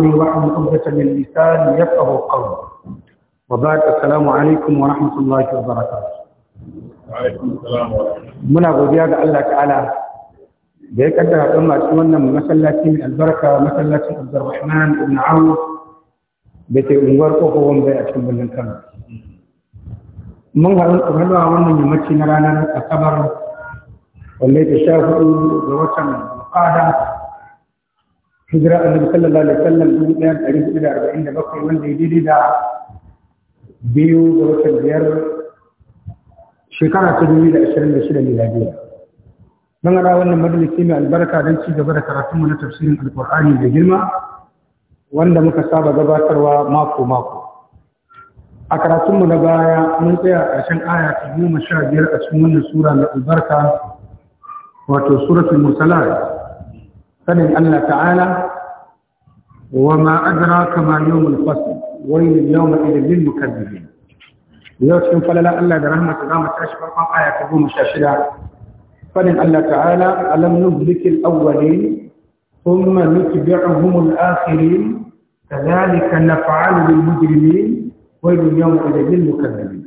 واحمل عقدة من لساني يفقه وبعد السلام عليكم ورحمة الله وبركاته muna godiya ga Allah ta'ala da ya kaddara don masu wannan masallaci mai albarka masallacin Abdurrahman ibn Awf da ke unguwar Kofar Wambai a cikin birnin Kano. Mun haɗu tsoronwa wannan yammaci na ranar Asabar wanda ya sha hudu ga watan Fada hijira annabi sallallahu alaihi wasallam dubu ɗaya da ɗari hudu da arba'in da bakwai wanda ya daidai da biyu ga watan biyar shekara ta dubu da ashirin da shida miladiya. Mun ara wannan majalisi mai albarka don ci gaba da karatunmu na tafsirin Alƙur'ani da girma wanda muka saba gabatarwa mako-mako. a karatunmu na baya mun tsaya a ƙarshen aya ta goma sha biyar a cikin wannan sura na albarka wato suratul mursalat sanin Allah ta'ala wa ma adra kama yawmul fasl wayl yawm idin lil mukadzibin yau cikin falala Allah da rahmatu za mu tashi farkon aya ta 16 sanin Allah ta'ala alam nuzlikil awwalin thumma nutbi'uhum al-akhirin kadhalika naf'alu bil mujrimin wayl yawm idin lil mukadzibin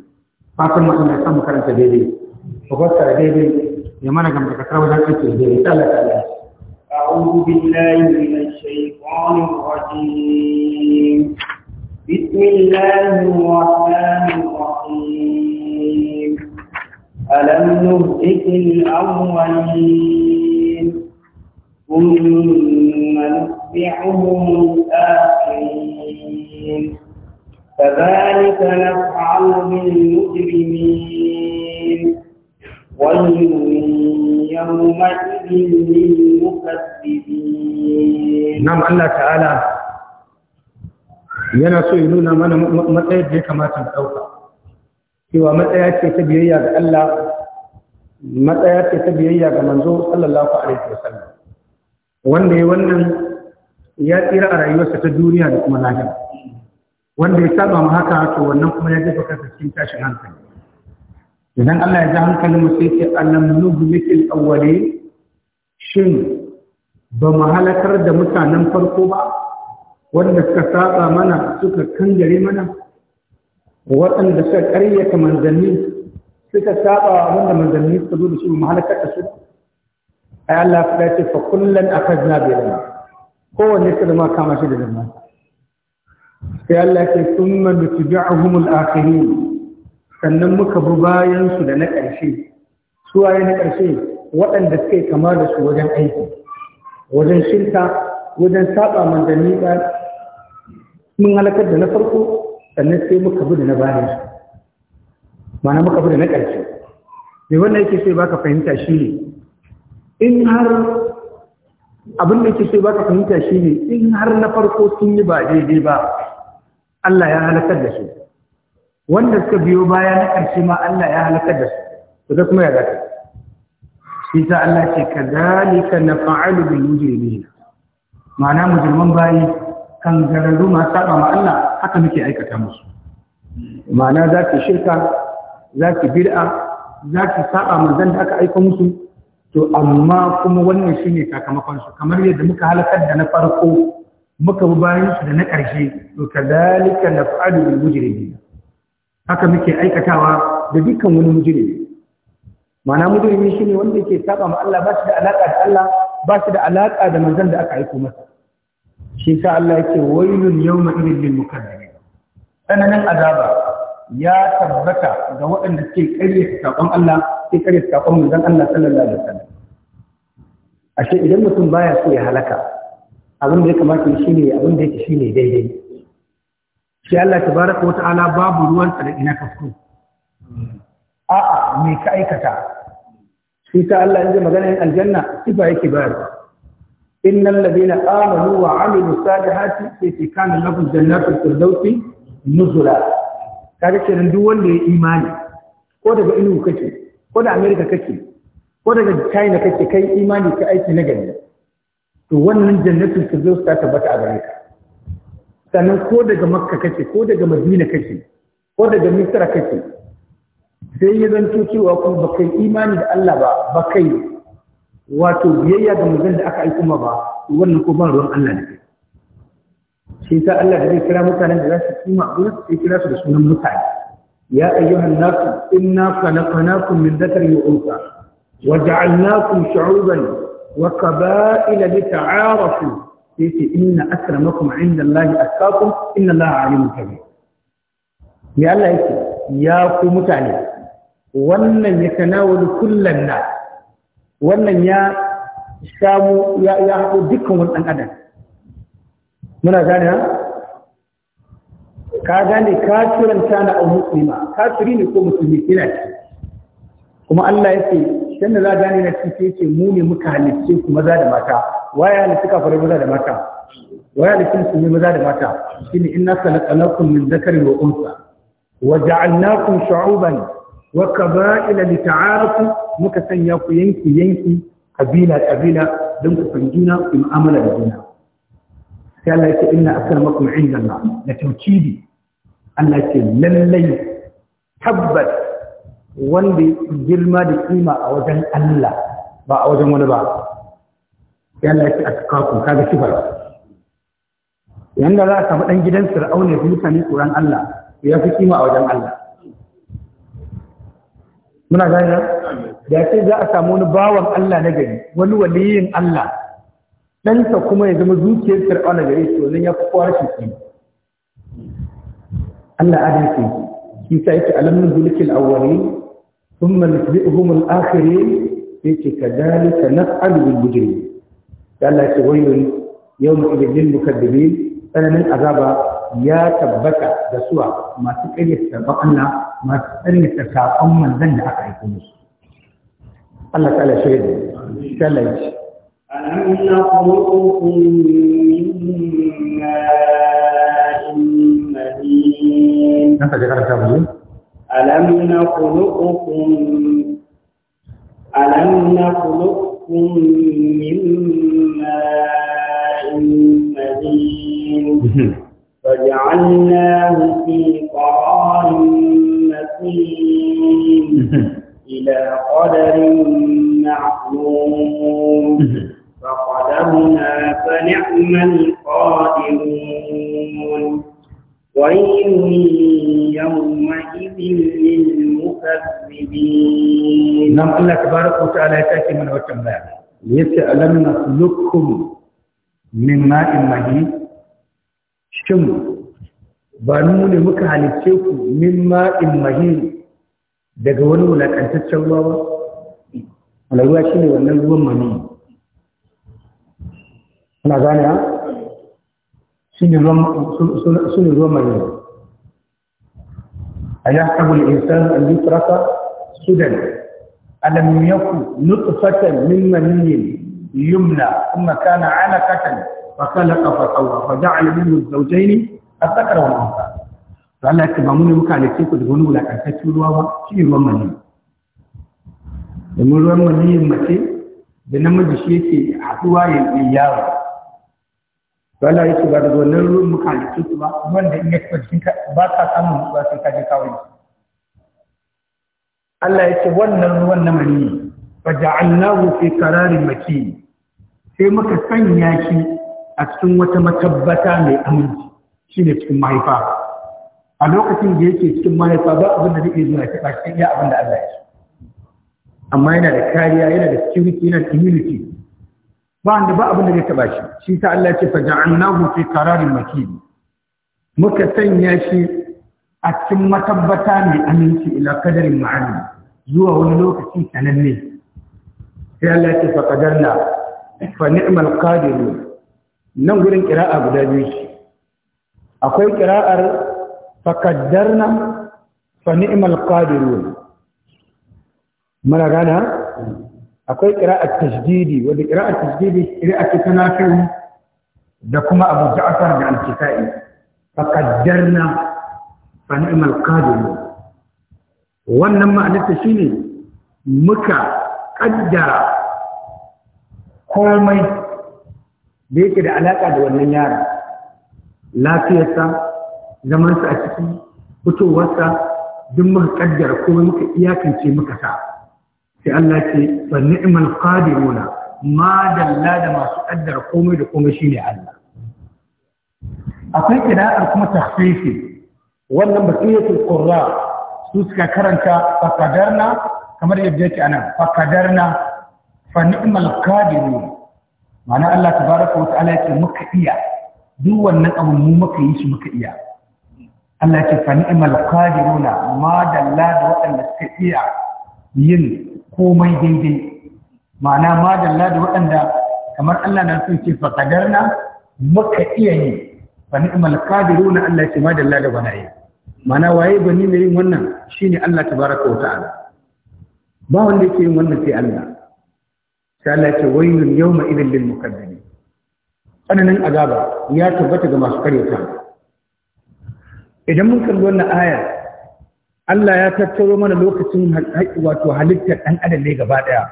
fa kun mutum da san makaranta daidai ko ta daidai ya mana gamba ka karwa da kake Allah ta'ala أعوذ بالله من الشيطان الرجيم بسم الله الرحمن الرحيم ألم نهلك الأولين ثم نتبعهم الآخرين كذلك نفعل بالمجرمين ويل يومئذ للمجرمين مكذبين نعم الله تعالى yana so ya nuna mana matsayar da ya kamata mu ɗauka cewa matsaya ce ta biyayya ga Allah matsaya ce ta biyayya ga manzo sallallahu alaihi wasallam wanda ya wannan ya tsira a rayuwarsa ta duniya da kuma lahira wanda ya saba mu haka to wannan kuma ya jefa kansa cikin tashin hankali idan Allah ya ji hankalin mu sai ce alam nuhlikil awwali shin ba mu halakar da mutanen farko ba wanda suka saba mana suka kangare mana waɗanda suka ƙaryata manzanni suka saba wanda manzanni suka zo da shi mu halakar da su ai Allah ya ce fa kullan akhadna bi dhanbi kowanne sai ma kama shi da zama sai Allah ya ce thumma nutbi'uhum al-akhirin sannan muka bi bayan su da na ƙarshe su waye na ƙarshe waɗanda suka yi kama da su wajen aiki wajen shirka wajen saba manzanni ba mun halakar da na farko sannan sai muka bi da na bayan mana muka bi da na ƙarshe me wannan yake sai baka fahimta shi ne in har abin da yake sai baka fahimta shi ne in har na farko sun yi ba daidai ba Allah ya halakar da su wanda suka biyo baya na ƙarshe ma Allah ya halakar da su to kuma ya zaka shi za Allah ce ka zalika na fa'alu bil mujrimina ma'ana mujirman bayi kan gararru masu saba ma Allah haka muke aikata musu ma'ana za ki shirka za ki bir'a, za ki saba manzon da aka aika musu to amma kuma wannan shi ne sakamakon su kamar yadda muka halakar da na farko muka bi bayan su da na ƙarshe to kadalika naf'alu bil mujrimin haka muke aikatawa da dukkan wani mujrimi ma'ana shi shine wanda ke saba ma Allah ba shi da alaka da Allah ba shi da alaka da manzon da aka aika masa shi sa Allah yake wailul yawma idil lil mukazzibi tsananin azaba ya tabbata ga waɗanda suke ƙarya sakon Allah suke ƙarya sakon manzon Allah sallallahu alaihi wasallam ashe idan mutum baya so ya halaka abin da ya kamata shi ne abin da yake ne daidai shi Allah tabaraka wa ta'ala babu ruwan sa da ina kasko a'a me ka aikata shi ta Allah yanzu maganar aljanna sifa yake bayar innal ladina amanu wa amilu salihati fi da kana lahum jannatul firdausi nuzula kaga kenan duk wanda ya imani ko daga ilu kake ko da America kake ko daga China kake kai imani ka aiki na gari to wannan jannatul firdaus ta tabbata a gare ka sannan ko daga Makka kake ko daga Madina kake ko daga Misra kake sai ya zanto cewa kuma ba kai imani da Allah ba ba kai wato biyayya ga manzon da aka aiko ma ba wannan ko ba ruwan Allah ne shi ta Allah da zai kira mutanen da za su kima a gurin sai kira su da sunan mutane ya ayyuhan nasu inna khalaqnakum min dhakarin wa unsa wa ja'alnakum shu'uban wa qaba'ila lita'arafu sai inna akramakum 'inda Allah atqakum inna Allah 'alimun kabir me Allah yake ya ku mutane wannan ya tanawul kullan na wannan ya samu ya ya haɗo dukkan wani ɗan adam muna gane ha ka gane kafiran tana au muslima kafiri ne ko musulmi kina ce kuma Allah yake dan da za gane na cike yake mu ne muka halicce ku maza da mata waya ne suka fara maza da mata waya ne yi maza da mata shine inna khalaqnakum min dhakarin wa unsa waja'alnakum shu'uban wa qaba'ila lita'arafu muka sanya ku yanki yanki kabila kabila don ku san juna ku mu'amala da juna sai Allah yake inna akramakum indallah da tawkidi Allah yake lallai wanda girma da kima a wajen Allah ba a wajen wani ba sai Allah yake atqakum kaga sifar yanda za a samu dan gidan Fir'auna ya fi mutane tsoron Allah ya fi kima a wajen Allah muna gani Da ce za a samu wani bawan Allah na gari wani waliyin Allah ɗansa kuma ya zama zuciyar fir'aun na gari to zan ya fi kowa shi kima Allah ce, shi sa yake alamun zulukil awwali ثم ka الآخرين yake kadalika naf'alu bil mujrimin Allah ya ce wayyun yau mu lil mukaddimi, tsananin azaba ya tabbata da suwa masu ƙaryata Allah masu ƙaryata saƙon manzan da aka aiko musu Allah ta'ala shaidu ta'ala ce alam nakhluqukum min ma'in mahin nan ka ji karanta mu alam nakhluqukum alam nakhluqukum min ma'in mahin فجعلناه في قرار مكين إلى قدر معلوم فقدرنا فنعم القادرون ويل يومئذ للمكذبين نعم الله تبارك وتعالى يتأتي من وتنبع ليس ألم نخلقكم من ماء مهين shin ba nuna muka halicce ku min ma'in mahiri daga wani wulaƙantaccen ruwa ba wani ruwa shi ne wannan ruwan mani ana gane ha su ne ruwan mani a ya kabul insan an yi turaka sudan alamiyaku Nutsu fatan, min maniyin yumna kuma kana katan. فخلق فسوى فجعل منه الزوجين الذكر والانثى فالله يكتب من مكالكي كنت غنو ولا كاكاكي ruwa ba shine ruwan maniyyi domin ruwan maniyyin mace da namiji shi yake haɗuwa ya yi yawo Allah ya ce ba daga wannan ruwan mukalikin su ba wanda in ya taɓa jikin ka ba ka samun nutsuwa sai ka je kawai Allah ya ce wannan ruwan na maniyyi fa ja'alnahu fi qararin makin sai muka sanya shi a cikin wata matabbata mai aminci shine cikin mahaifa a lokacin da yake cikin mahaifa ba abin da zai zuwa kiɗa cikin iya abin da Allah ya amma yana da kariya yana da security yana da immunity ba wanda ba abin da zai taba shi shi ta Allah ce fa ja'alnahu fi qararin makin muka sanya shi a cikin matabbata mai aminci ila kadarin ma'ani zuwa wani lokaci sananne sai Allah ce fa qadarna fa ni'mal qadirun nan gurin ƙira'a guda biyu ce akwai ƙira'ar fakaddarna fa ni'mal qadirun mara gana akwai ƙira'ar tajdidi wanda ƙira'ar tajdidi ƙira'ar ta nafi'u da kuma Abu Ja'far da al fakaddar fakaddarna fa ni'mal qadirun wannan ma'anarta shine muka kaddara komai da yake da alaƙa da wannan yaron lafiyarsa zamansa a ciki fitowarsa duk muka ƙaddara komai muka iyakance muka sa sai Allah ce fa ni'mal qadiruna ma dalla da masu kaddara komai da komai shine Allah akwai kira'ar kuma tahfifi wannan bakiyatul qurra su suka karanta fa kadarna kamar yadda yake anan fa kadarna fa ni'mal qadiruna mana Allah Ta baraka wa ta'ala yake muka iya duk wannan abu mu muka yi shi muka iya Allah yake fa ni'mal qadiruna ma dalla da waɗanda suka iya yin komai daidai ma'ana ma dalla da waɗanda kamar Allah na so ce fa qadarna muka iya yi fa ni'mal qadiruna Allah yake ma dalla da gwanaye ma'ana waye gwani ne yin wannan shine Allah tabaraka wa ta'ala ba wanda yake yin wannan sai Allah sai Allah ce wailun yawma idin lil mukaddimin tsananin azaba ya tabbata ga masu karyata idan mun kalli wannan aya Allah ya tattaro mana lokacin wato halittar ɗan adam ne gaba ɗaya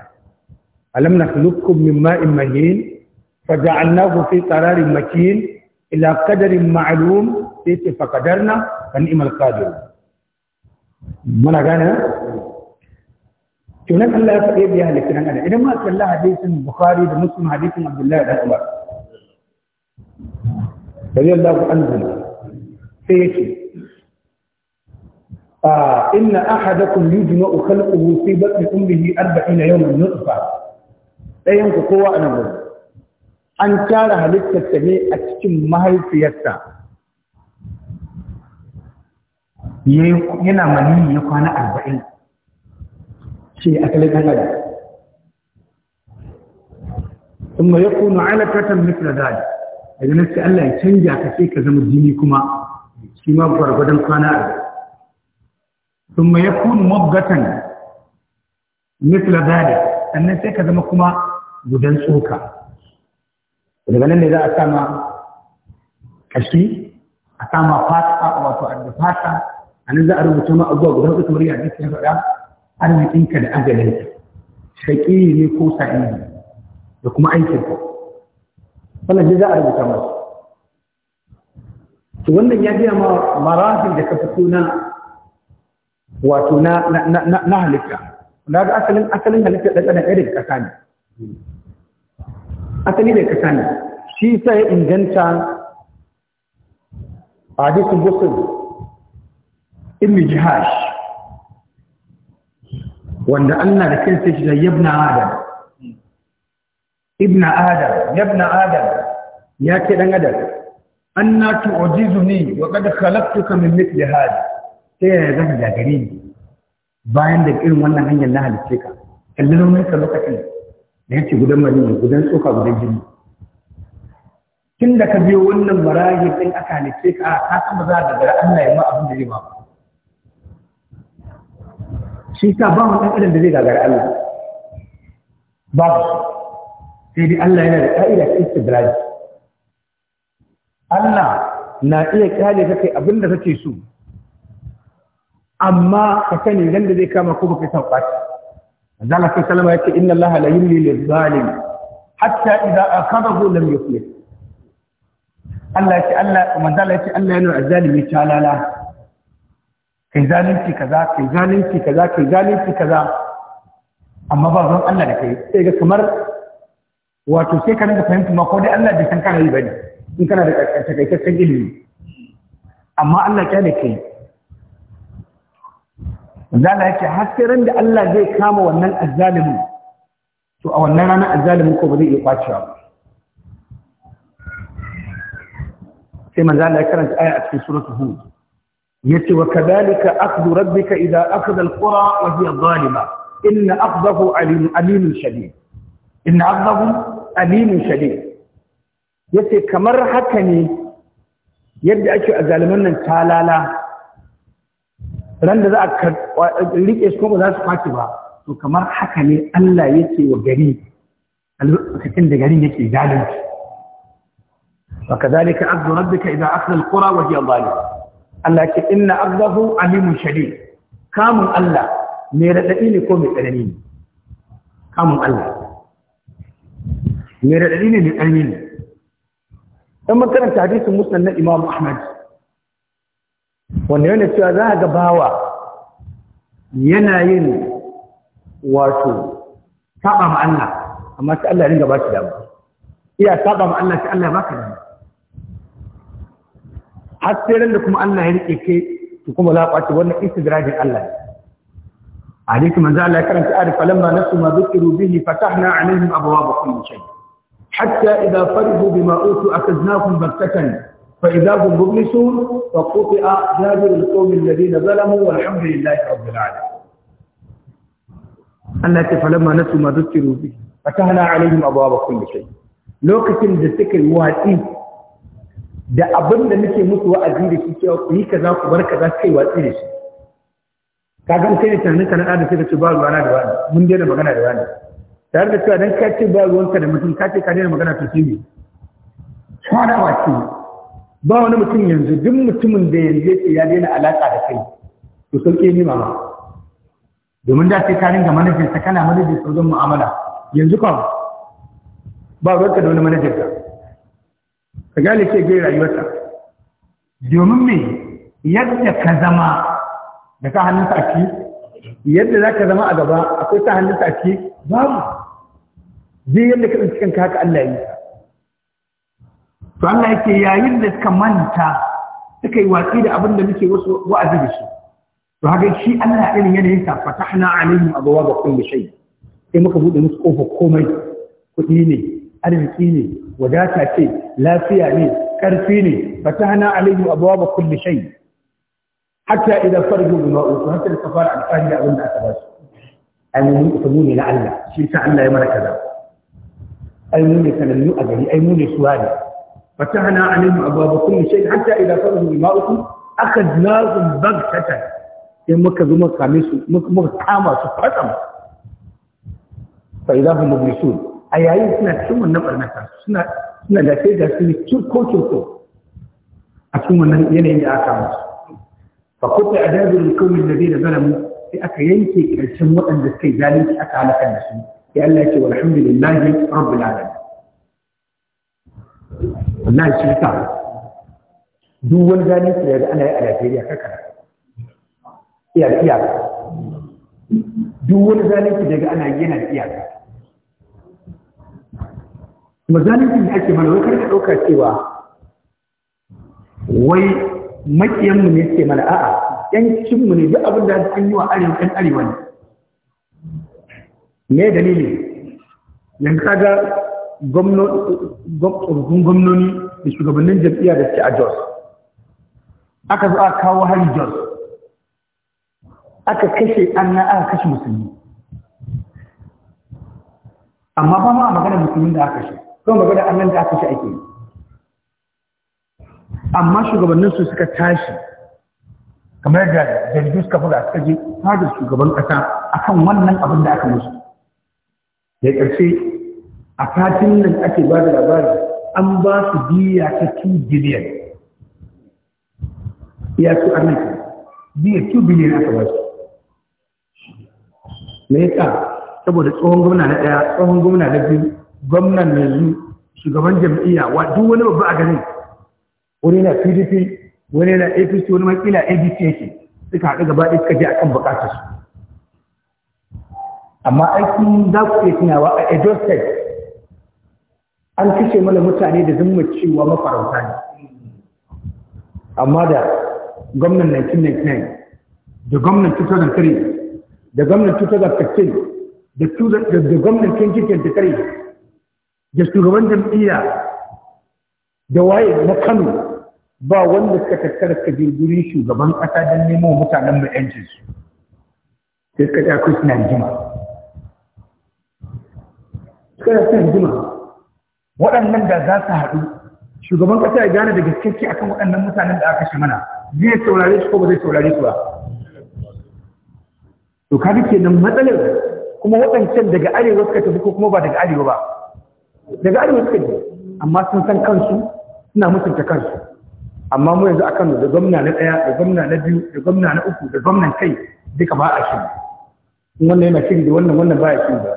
alam nakhluqukum min ma'in mahin faja'alnahu fi qararin makin ila qadarin ma'lum sai ce faqadarna fa ni'mal qadir muna gane to nan Allah ya faɗe biya halittu nan adam idan ma kalla hadisin bukhari da muslim hadisin abdullahi da umar radiyallahu anhu sai yake a inna ahadakum yujma'u khalquhu fi batni ummihi 40 yawman nutfa dayan ku kowa a nan an tara halittarsa ne a cikin mahaifiyarsa yana mani ya kwana arba'in shi ne asalin ɗan adam in ma ya kunu alakatan mitra dali daga nan Allah ya canja ka sai ka zama jini kuma shi ma gwargwadon kwana a sun ma ya kunu mabgatan mitra dali sannan sai ka zama kuma gudan tsoka daga nan ne za a sama kashi a sama wato a nan za a rubuta ma guda uku kamar yadda ya faɗa arzikinka da ajalinka shaƙi ne ko ne da kuma aikinka wannan ji za a rubuta masu to wannan ya gaya ma marafin da ka fito na wato na na halitta na ga asalin asalin halitta da ɗan irin ƙasa ne asali da ƙasa ne shi sai inganta hadisin busul ibn jihash wanda Allah da kansa ya yabna adam ibna adam yabna adam ya ce dan adam anna tu'jizuni wa qad khalaqtuka min mithli hada sai ya zama da gare ni bayan da irin wannan hanyar na halice ka kallon raunin ka lokacin da yace gudan mani gudan tsoka gudan jini tun da ka biyo wannan marayi din aka halice ka ka san ba za ka gara Allah ya ma abin da zai ba shi sa ba mu ɗan da zai gagara Allah babu sai dai Allah yana da ƙa'ida ta istidraj Allah na iya kyale ka kai abin da kake so amma ka sani ganda zai kama ko baka san kwaci Allah sai salama yace inna Allah la yumli lil zalim hatta idza akabahu lam yuflih Allah yace Allah manzo Allah yace Allah yana azzalimi talala kai zalunci kaza kai zalunci kaza kai zalunci kaza amma ba zan Allah da kai sai ga kamar wato sai ka rinka fahimta ma ko dai Allah da san kana yi bane in kana da takaitaccen ilimi amma Allah ya da kai zala yake ran da Allah zai kama wannan azzalimin to a wannan ranar azzalimin ko ba zai iya kwacewa ba sai manzo Allah ya karanta aya a cikin suratul hud يتي وكذلك أخذ ربك إذا أخذ القرى وهي ظالمة إن أخذه أليم, أليم شديد إن أخذه أليم شديد يتي كمر حكني يبدأ أكي أزالمنا تالالا لأن ذا أكد وليك إسكوب ذا سفاكبا وكمر حكني ألا يتي وقريب فكنت قريب يتي ظالمة وكذلك أخذ ربك إذا أخذ القرى وهي ظالمة Allah ce inna abdahu alimun shadid kamun Allah mai radadi ne ko mai tsanani ne kamun Allah mai radadi ne mai tsanani ne dan makaranta hadisin musnad na Imam Ahmad wanda yana cewa za ga bawa yana yin wato saba ma Allah amma sai Allah ya ringa ba shi dama. iya saba ma Allah sai Allah ya baka dama. har sai ran da kuma Allah ya rike kai to kuma za kwace wannan istidrajin Allah hadisi manzo Allah ya karanta arif lamma nasu ma dhukiru bihi fatahna alaihim abwaaba kulli shay hatta idha farihu bima utu akaznahum baktatan fa idha hum mublisun wa quti'a jabiru alqawmi alladhina zalamu walhamdulillahi rabbil alamin Allah ya falamma nasu ma dhukiru bihi fatahna alaihim abwaaba kulli shay lokacin da suka yi watsi da abin da muke musu wa'azi da shi cewa ku yi kaza ku bar kaza kai watsi da shi ka ga kai ne tunanin na da sai ka ce ba na da wani mun daina magana da wani tare da cewa dan ka ce ba ka da mutum ka ce ka daina magana to shi ne shawara da ce ba wani mutum yanzu duk mutumin da yanzu yake ya daina alaka da kai to sauke ni mama domin da sai ka ringa manajan sa kana manajan sauran mu'amala yanzu kawai ba ruwan ka da wani manajan ka ka gane ce gai rayuwarsa domin me yadda ka zama da ka hannun a yadda za ka zama a gaba akwai ta hannun a ciki babu zai yadda ka tsinci kanka haka Allah ya yi to Allah yake yayin da suka manta suka yi watsi da abin da muke wasu wa'azi da shi to haka shi Allah irin yanayin sa fatahna alaihim abwaaba kulli shay sai muka bude musu kofar komai kuɗi ne arziki ne wadata ce lafiya ne karfi ne fatahna alayhi abwaaba kulli shay hatta idan farju bima uku hatta kafara alfani da abinda aka ba su ayyuni ne na Allah shi sa Allah ya mara kaza ayyuni sanannu a gari ayyuni suwari fatahna alayhi abwaaba kulli shay hatta idan farju bima uku akhadnahum baghtatan sai muka zo muka kame su muka kama su fatam fa idahum mublisun a yayin suna cikin wannan barnata suna suna da sai da su kirko kirko a cikin wannan yanayin da aka musu fa kuta adabul qawmi da zalamu sai aka yanke karshen waɗanda suka yi zalunci aka halaka da su sai Allah ya ce walhamdulillahi rabbil alamin wallahi shi ta duk wani zalunci da ga ana yi a Najeriya kakara iya iya duk wani zalunci da ga ana yi yana iya Mazanin da ake mana wai da ɗauka cewa wai makiyanmu ne ke mana a'a yancinmu ne duk abin da an yi wa arewa ɗan arewa ne me dalili Yanka ga gwamnoni gwamnoni da shugabannin jam'iyya da suke a jos aka zo a kawo hari jos aka kashe na aka kashe musulmi amma ba ma a magana musulmi da aka kashe don da annan da aka shi ake yi amma shugabannin su suka tashi kamar da jaridu suka buga suka je fadar shugaban kasa akan wannan abin da aka musu da ƙarshe a katin nan ake ba da labari an ba su biya ta 2 biliyan ya su amurka biya 2 biliyan aka ba su me ya saboda tsohon gwamna na ɗaya tsohon gwamna na biyu gwamnan yi shugaban jam'iyya wa duk wani babba a ganin, wani na pdp wani na apc wani makila abc yake suka haɗu gaba ɗaya suka je akan buƙatar su amma aikin za ku iya tunawa a edo state an kashe mana mutane da zama cewa mafarauta ne amma da gwamnan 1999 da gwamnan 2003 da gwamnan 2015 da gwamnan 2023 da shugaban jam'iyya da waye na kano ba wanda suka tattara suka jirgin shugaban ƙasa don nemo mutanen mu su sai suka ɗaku suna jima suka da suna jima waɗannan da za su haɗu shugaban ƙasa ya gane da a akan waɗannan mutanen da aka shi mana zai saurare su ko ba zai saurare su ba to fi kenan matsalar kuma waɗancan daga arewa suka tafi ko kuma ba daga arewa ba daga arewa suka ji amma sun san kansu suna mutunta kansu amma mu yanzu a kano da gwamna na ɗaya da gwamna na biyu da gwamna na uku da gwamnan kai duka ba a shiri wannan yana shiri da wannan wannan ba ya shiri ba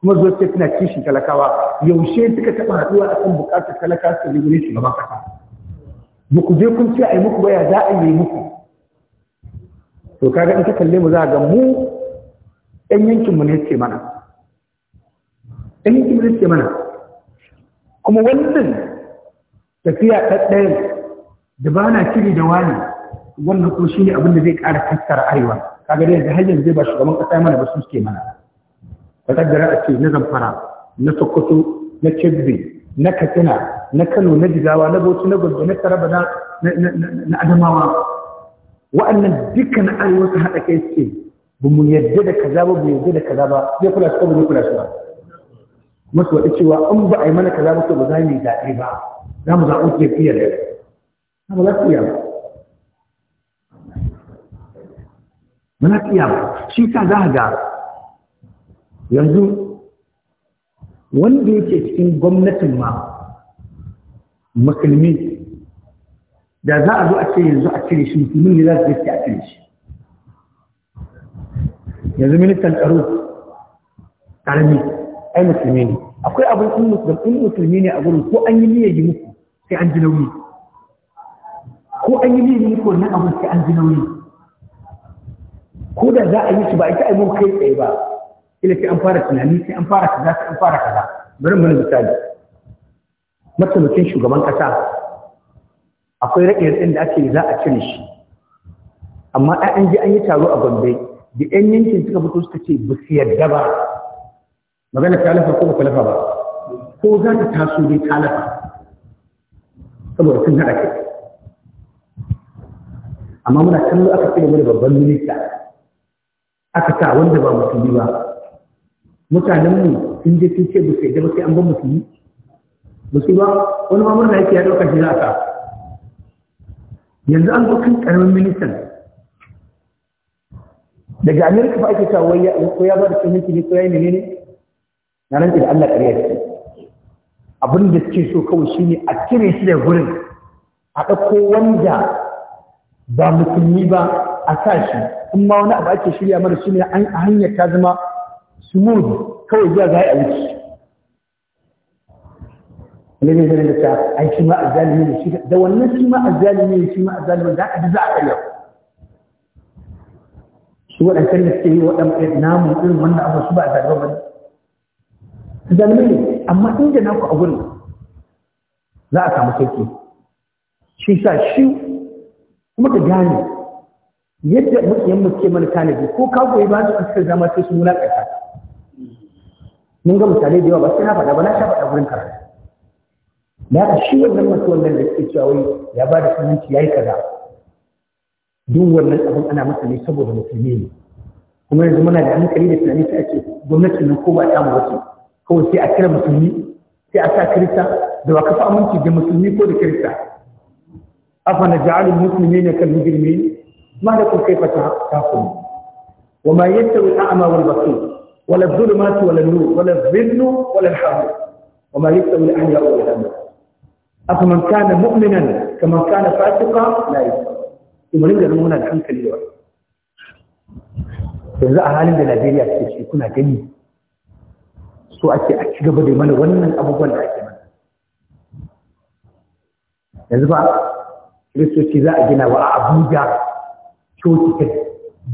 kuma zuwa ce suna kishin talakawa yaushe suka taɓa haɗuwa a kan buƙatar talakawa su rigure shugaban ƙasa ba ku je kun ce a yi muku baya za a yi muku to kaga in ka kalle mu za ga mu ɗan yankinmu ne ke mana ɗan yankinmu ne ce mana kuma wannan tafiya ta ɗaya da ba na shiri da wani wannan kuma shi ne abin da zai ƙara tattara arewa kaga dai yanzu har yanzu zai ba shugaban ƙasa mana ba su ke mana Ba ta kaddara a ce na zamfara na sokoto na kebbi na katsina na kano na jigawa na bauchi na gombe na taraba na adamawa wa'annan dukkan arewa su haɗa kai ce ba mu yadda da kaza ba mu yadda da kaza ba zai kula su ko ba zai kula su ba masu su cewa an ba a yi mana kaza ba ba za mu yi daɗi ba za mu zaɓi ke fiye da yau ba za su iya ba ba za su iya ba shi ka za ga yanzu wanda yake cikin gwamnatin ma musulmi da za a zo a ce yanzu a cire shi musulmi ne za su yi a cire shi yanzu ministan tsaro ƙarami ai musulmi ne akwai abin in musulmi musulmi ne a gurin ko an yi niyyar yi muku sai an ji nauyi ko an yi niyyar yi muku wannan abin sai an ji nauyi ko da za a yi shi ba ita ai mun kai tsaye ba ila sai an fara tunani sai an fara kaza sai an fara kaza bari mu misali mataimakin shugaban kasa akwai raɗe-raɗen da ake za a cire shi amma an ji an yi taro a gombe da 'yan yankin suka fito suka ce ba su yadda ba magana ta lafa ko ba lafa ba ko za ta taso dai ta lafa saboda sun haɗa kai amma muna kallo aka ce da babban minista aka ta wanda ba musulmi ba mutanenmu sun je sun ce ba da wasu sai an ban musulmi musulma wani ma murna yake ya ɗauka shi za a yanzu an zo kan ƙaramin ministan daga amerika ba ake cewa wai ya ba da tsohon ne ko ya yi menene na rantsi da Allah ƙarya ce abin da suke so kawai shine a cire shi da gurin a ɗauko wanda ba musulmi ba a sa shi kuma wani abu ake shirya mara shine ne an hanyar ta zama smooth kawai zuwa za a wuce wani ne zai da ta ai shi ma azzalimi ne shi da wannan shi ma azzalimi ne shi ma azzalimi da aka za a karya su waɗancan da suke yi waɗannan namun irin wannan abu su ba a zarba ba ne zalmi ne amma inda naku a gurin za a samu sauki shi sa shi kuma ka gane yadda mukiyan muke mana tanadi ko ka goyi ba su suka zama sai su wulaƙanta mun ga mutane da yawa ba sai na faɗa ba na sha faɗa gurin karatu da haka shi wannan masu wannan da suke cewa wai ya ba da sunanci ya yi kaza duk wannan abin ana masa ne saboda musulmi ne kuma yanzu muna da hankali da tunani sai a gwamnati gwamnatin nan ko ba ta mu wasu kawai sai a kira musulmi sai a sa kirista da ba kafa aminci da musulmi ko da kirista afa na ja'alul musulmi ne kan mujrimi ma da kun kaifa ta kuma wa ma yattawi a'ma wal basir wala dhulumatu wala nur wala dhillu wala al-hamd wa ma yattawi al-ahya wal amwat afa man kana mu'minan kama kana fasiqa la yastawi kuma ringa nuna da hankali da yanzu a halin da Najeriya take shi kuna gani so ake a ci gaba da mana wannan abubuwan da ake mana yanzu ba kiristoci za a gina wa a abuja coci ta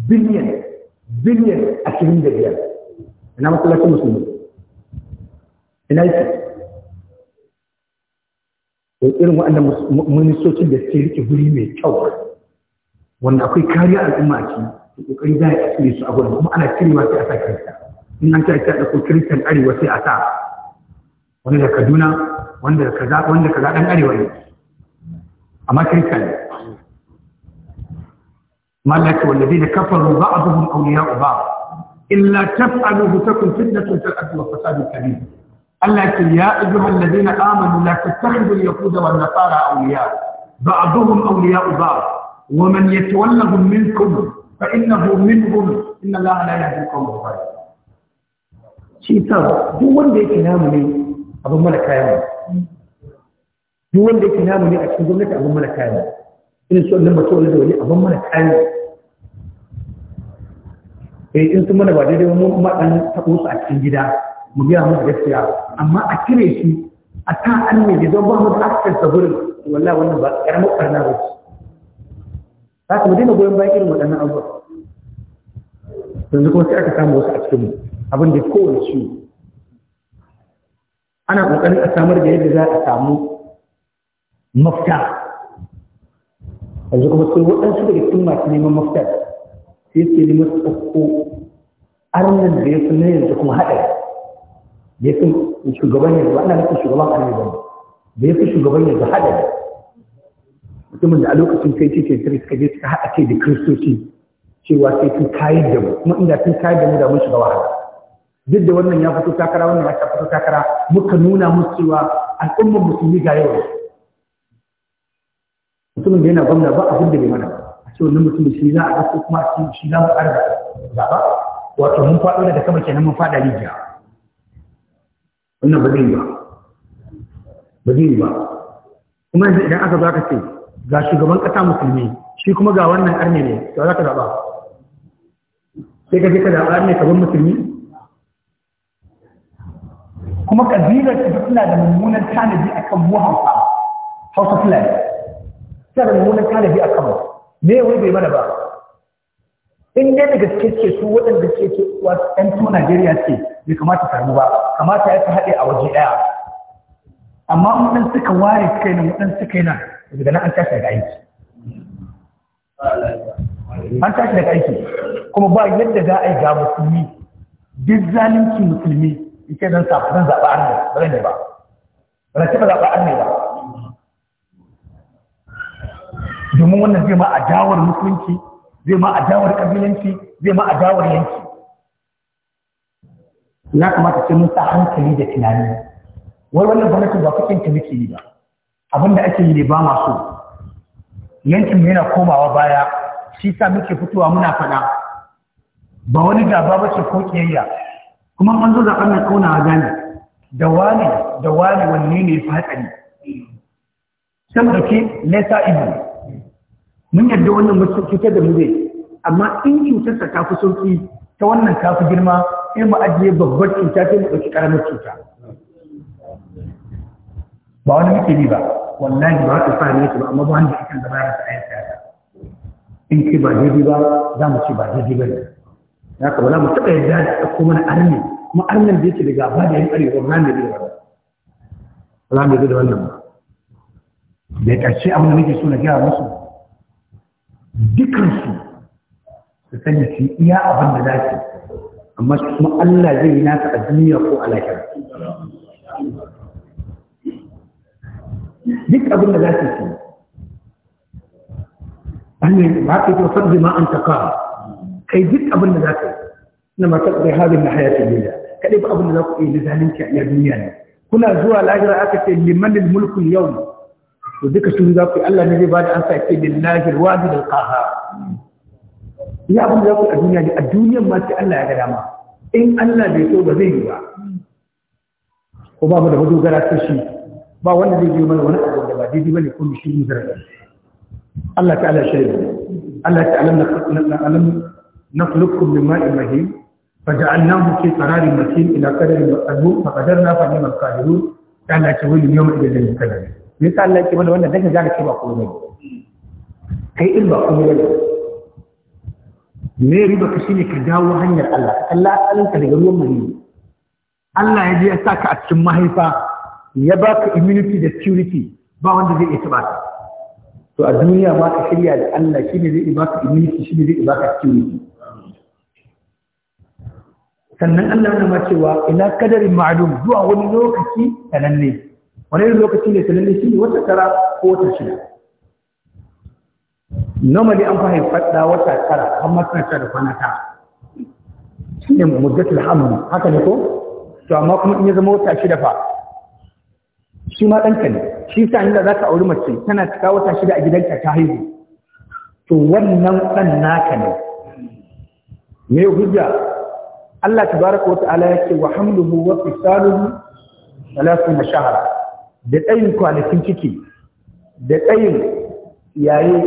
biliyan biliyan ashirin da biyar ina masallacin musulmi ina yi ko irin waɗannan ministocin da suke rike guri mai kyau wanda akwai kariya al'umma ce ko ƙoƙari za a cire su a gudu kuma ana cirewa sai a sa kirista in an kira kira da ko kiristan arewa sai a sa wanda da kaduna wanda kaza kaza dan arewa ne amma kiristan ne mallaka wallabi da kafaru ba a zuhun auliya uba illa taf'aluhu takun fitnatun fil ardi wa fasadun kabir Allah ke ya ayyuha alladhina amanu la tattakhidhu al-yahuda wa an-nasara awliya ba'dhuhum awliya uba wa man yatawallahum minkum fa innahu minhum inna Allah la yahdi al-qawma al-fasiqin shi sa duk wanda yake namu ne abin mana kayan duk wanda yake namu ne a cikin gwamnati abin mana kayan in so wannan mace wani da wani abin mana kayan eh in sun mana ba daidai wani kuma ɗan taɓo su a cikin gida mu biya mu gaskiya amma a cire shi a ta an ne da ba mu da access da gurin wallahi wannan ba karamar ɓarna ba ce za ka mu daina goyon bayan irin waɗannan abubuwa yanzu kuma sai aka samu wasu a cikin mu abin da kowane shi ana ƙoƙarin a samar da yadda za a samu mafita yanzu kuma sai waɗansu daga cikin masu neman mafita sai su neman tsakko ɗauko arnan da ya fi na yanzu kuma haɗa. ya fi shugaban yanzu ba ana nufin shugaban arewa da ya fi shugaban yanzu haɗa, mutumin da a lokacin kai ce ce tare suka je suka haɗa kai da kiristoci cewa sai sun kayan da mu kuma inda sun kayan da mu da mun shiga wahala duk da wannan ya fito takara wannan ya fito takara muka nuna musu cewa al'ummar musulmi ga yau mutumin da yana gwamna ba abin da bai mana a ce wannan mutumin shi za a ɗauko kuma a shi za mu ƙara zaɓa wato mun faɗo da kama kenan mun faɗa rijiya wannan ba zai yi ba ba zai yi ba kuma yanzu idan aka zo aka ce ga shugaban ƙasa musulmi shi kuma ga wannan arne ne to za ka zaɓa sai ka je ka zaɓa ne ka bar musulmi kuma kabilar su suna da mummunan tanadi akan mu hausa hausa fulani suna da mummunan tanadi akan mu me wai bai mana ba in dai da gaske ce su waɗanda ke ke wasu ɗan tuwo Najeriya ce bai kamata su ba kamata ya fi haɗe a waje ɗaya amma waɗanda suka ware suka yi nan waɗanda suka yi nan daga nan an tashi daga aiki an tashi daga aiki kuma ba yadda za a yi ga musulmi duk zalunci musulmi yake nan sa nan zaɓa arne ba zan yi ba ba na taɓa zaɓa arne ba domin wannan zai ma a dawar musulunci zai ma a dawar ƙabilanci zai ma a dawar yanki ya kamata sai mun sa hankali da tunani wai wannan gwamnatin ba kuɗin ta muke yi ba abin da ake yi ne ba masu yankin mu yana komawa baya shi sa muke fitowa muna faɗa ba wani gaba ba ce ko kiyayya kuma an zo zaɓen na kauna a gane da wane da wane wanne ne fatsari sama da ke nesa ibu mun yadda wannan mutum cutar da mu amma in cutarsa ta fi sauki ta wannan ta fi girma in mu ajiye babbar cuta ta mu ɗauki ƙaramar cuta ba wani muke bi ba wallahi ba haka fara ne ba amma ba wanda akan zama ya rasa ayyuka in ki ba daidai ba za mu ci ba daidai ba ne ya ka ba mu taɓa yadda da ɗauko mana arni kuma arnin da yake da gaba da yin arewa ba na da Wala ba mu da wannan ba da ƙarshe abin da nake so na gaya musu dukansu su sanya su iya abin da za su amma kuma Allah zai yi nasa a duniya ko a lahira duk abin da za su yi an yi ba ka yi tofar da ma'an ta kawo كيدك أبو النذاك لما تقضي هذه الحياة الليلة كيدك أبو النذاك إيه لذلك يا دنيا هنا زوى الأجراء أكثر لمن الملك اليوم وذلك سنذاك الله نجي بعد أن سأكيد لله الواجد القاهر يا أبو النذاك الدنيا الدنيا ما تألا يا جلما إن ألا بيتوب ذيبا وبعض الهدو قرأت الشيء ba wanda zai yi mana wani abu da ba daidai bane ko mishi zarar Allah ta'ala shari'a Allah ta'ala نخلقكم من ماء مهين فجعلناه في قرار مكين الى قدر مقدور فقدرنا فنعم القادرون قال لك ويل اليوم الى ذي القدر يسال الله كمان وانا دكا زaka ce ba komai kai in ba komai ne me riba ka shine ka dawo hanyar Allah Allah ka daga ruwan mani Allah ya je ya saka a cikin mahaifa ya baka immunity da purity, ba wanda zai iya taba ka to a duniya ma ka shirya da Allah shine zai baka immunity shine zai baka purity. sannan Allah yana ma cewa ila kadarin ma'lum zuwa wani lokaci sananne wani lokaci ne sananne shine wata tara ko wata shida normally an fahimta fadda wata tara har ma tana da kwana ta shine muddatul haml haka ne ko to amma kuma in ya zama wata shida fa shi ma danka ne shi sa inda ka auri mace tana cika wata shida a gidanka ta haihu to wannan dan naka ne me hujja Allah tabaraka wa ta'ala yake wa hamluhu wa fisaluhu na shahara da tsayin kwanakin ciki da tsayin yayi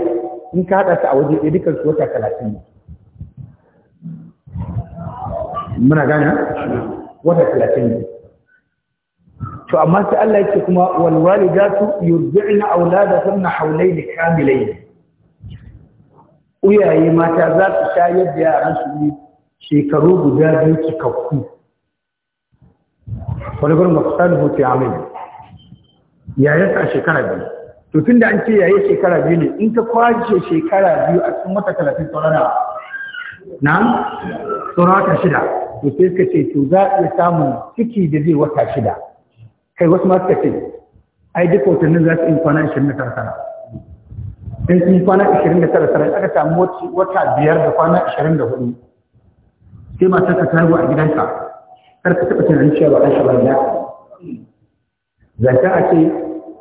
in ka haɗa ta a waje ɗaya dukkan su wata talatin ne muna gane wata talatin ne to amma sai Allah yake kuma wal walidatu yurdi'na auladahunna hawlayn kamilayn uyaye mata za su shayar da yaran su shekaru guda biyu cikakku wani gurin ba kusa da hutu amin yayin a shekara biyu to tun da an ce yayin shekara biyu ne in ta kwace shekara biyu a cikin wata talatin tsorana na tsorata shida to sai suka ce to za a iya samun ciki da zai wata shida kai wasu masu kace. ai duk hotunan za su yi kwana ashirin da tara in sun kwana ashirin da tara aka samu wata biyar da kwana ashirin da hudu sai mata ka ta a gidanka kar ka taɓa tunanin cewa ba ɗan shabar da zaka a ce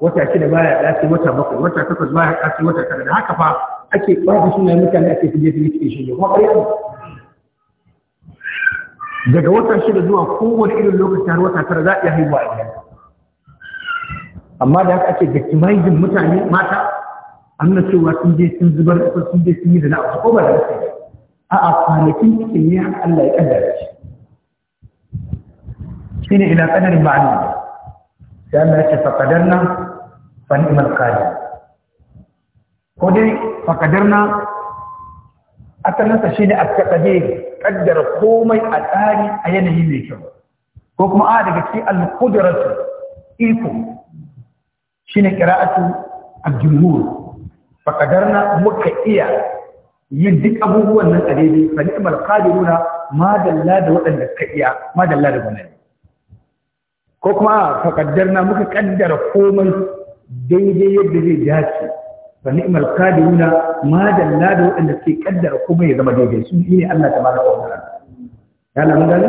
wata shida baya ɗaci wata bakwai wata takwas baya ɗaci wata tara da haka fa ake ɓata sunayen mutane ake fiye fiye cikin shi kuma ƙarya daga wata shida zuwa kowane irin lokaci har wata tara za a iya haihuwa a gidanka amma da haka ake victimizing mutane mata an na cewa sun je sun zubar sun je sun yi da na'a ko ba da gaske a a kwanakin cikin ne Allah ya kaddara shi shine ila qadarin ma'lum sai Allah ya ce fa qadarna fa ni'mal qadir ko dai fa qadarna asalinsa shine at-taqdir kaddara komai a tsari a yanayi mai kyau ko kuma a daga cikin al-qudratu iko shine qira'atu al-jumhur fa qadarna muka iya yin duk abubuwan nan a daidai fa ni'mal qadiruna ma dalla da waɗanda ka iya ma dalla da gwamnati ko kuma a fakaddar na muka kaddara komai daidai yadda zai dace fa ni'mal qadiruna ma dalla da waɗanda ke kaddara komai ya zama daidai su ne Allah ta wa ta'ala ya Allah mun gane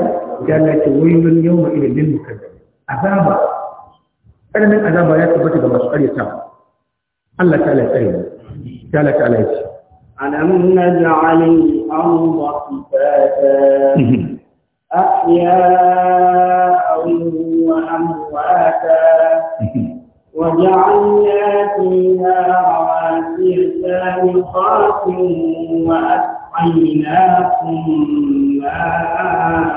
ya Allah ce wayyul yawma ilal lil mukazzib azaba karamin azaba ya tabbata ga masu ƙaryata Allah ta'ala ya tsare mu ta'ala ta'ala ya ce ألم نجعل الأرض كفاتا أحياء وأمواتا وجعلنا فيها رواسي سابقات وأسقيناكم ماء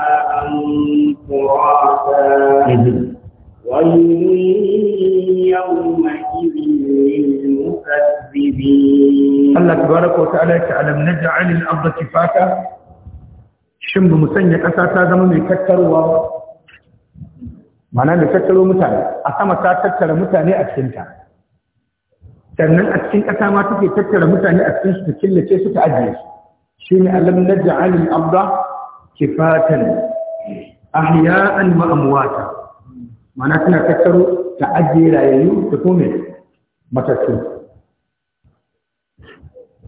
فراتا ويل يومئذ Allah tabaraka wa ta'ala ya alam naj'al al-ardha fata. shin bu musanya kasa ta zama mai tattarwa mana da tattaro mutane a sama ta tattara mutane a cikin ta sannan a cikin kasa ma take tattara mutane a cikin su ta killace su ta ajiye su shine alam naj'al al-ardha kifatan ahya'an wa amwata mana tana tattaro ta ajiye rayayyu da kome matattu